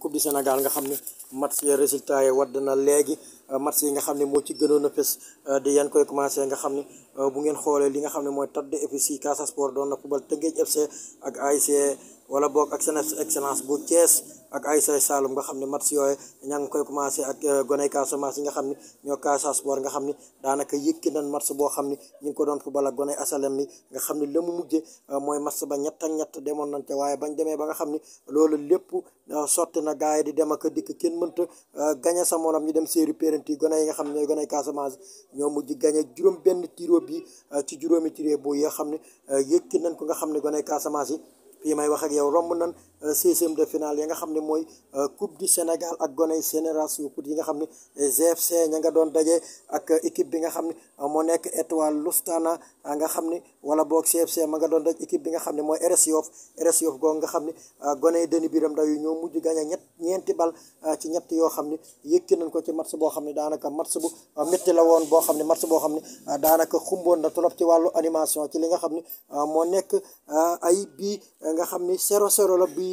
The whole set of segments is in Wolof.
coupe du Sénégal nga xam ne match ya résultat yi wadd na léegi euh, match yi nga xam ne moo ci gënoon a euh, di yan koy commencé nga xam ne euh, bu ngeen xoolee li nga xam ne mooy tadde efficie Casa Sport doon na fubal Tëngéej FC ak AIC wala boog ak seen excellence bu Thiès ak ay say Saloum nga xam ne match yooyu ña ngi koy commencé ak euh, goney Casamance yi nga xam ne ñoo Casa Sport nga xam ne daanaka yëkki nañ match boo xam ne ñu ngi ko doon football ak goney asalem mi nga xam ne la mu mujje euh, mooy match ba ñett ak demoon nañ ca waaye bañ demee ba nga xam ne loolu lépp euh, sotti na gars yi di dem ak dikk kenn mënta gañe sa morom ñu dem série péranti gone yi nga xam ne ñooy goney Casamance ñoo mujj gañe juróom benn tiro bi ci juróomi tiro bu yoo xam ne yëkki nañ ko nga xam ne goney Casamance yi fii may wax ak yow romb nan euh, seizième de finale ya nga xam ne mooy euh, coupe du Sénégal ak goney génération foot yi nga xam ne euh, ña nga doon daje ak équipe bi nga xam ne moo nekk étoile Lustana nga xam ne wala boog GFC ma nga doon daj équipe bi nga xam ne mooy RS Yoff RS nga xam ne goney Denis Biram Ndaw yi mujj gañ a ñeenti bal ci ñett yoo xam ne yëkki nañ ko ci match boo xam ne daanaka match bu métti la woon boo xam ne match boo xam ne daanaka xumboon na trop ci wàllu animation ci li nga xam ne moo nekk ay bii nga xam ni zéro zéro la bi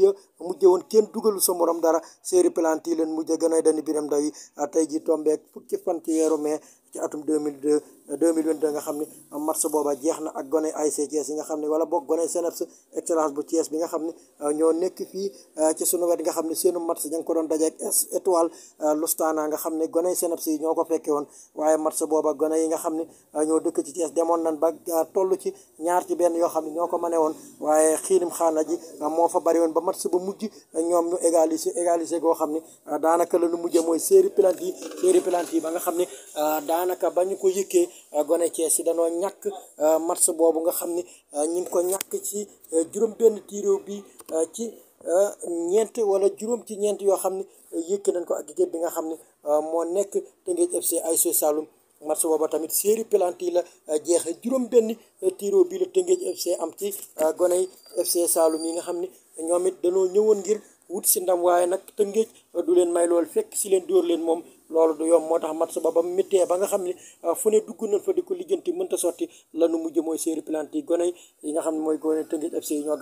mujjee woon kenn dugalul sa morom dara série penalty leen mujjee gën a dani Birame Ndaw yi tey ji tombeek fukki fan ci weeru mai ci atum 2002 2022 nga xam ne match booba jeex na ak gone ASC Thiès yi nga xam ne wala boo gone CNEPS excellence bu Thiès bi nga xam ne euh, ñoo nekk fii euh, ci sunu wet nga xam ne seenu match ña ngi ko doon dajeek étoile euh, Lustaana nga xam ne gone CNEPS yi ñoo ko fekkee woon waaye match booba gone yi nga xam ne ñoo dëkk ci Thiès demoon nan ba toll ci ñaar ci benn yoo xam ne ñoo ko mëne woon waaye xiinim xaana ji moo fa bari woon ba match ba mujj ñoom ñu égaliser égaliser goo xam ne daanaka la nu mujjee mooy se penalty yi série yi ba nga xam ne daanaka ba ñu ko yëkkee euh, gone Thiès yi danoo ñàkk euh, match boobu nga xam ni euh, ñu ngi ko ñàkk ci juróom benn tiiréew bii ci ñeent wala juróom ci ñeent yoo xam ne yëkk nañ ko ak géej bi nga xam ne moo nekk Teungueth FC ASC Saloum match booba tamit série penalty la jeexee juróom benn tiiréew bi la Teungueth FC am ci gone yi FC Saloum yi nga xam ni ñoom it danoo ñëwoon ngir wut si ndam waaye nag Tëngéej du leen may loolu fekk si leen dóor leen moom loolu du yomb moo tax match ba ba méttee ba nga xam ne ah, fu ne dugg nañ fa di ko lijjanti mënta sotti lanu mujj mooy série penalty yi gone yi nga xam ne mooy gone Tëngéej FC ñoo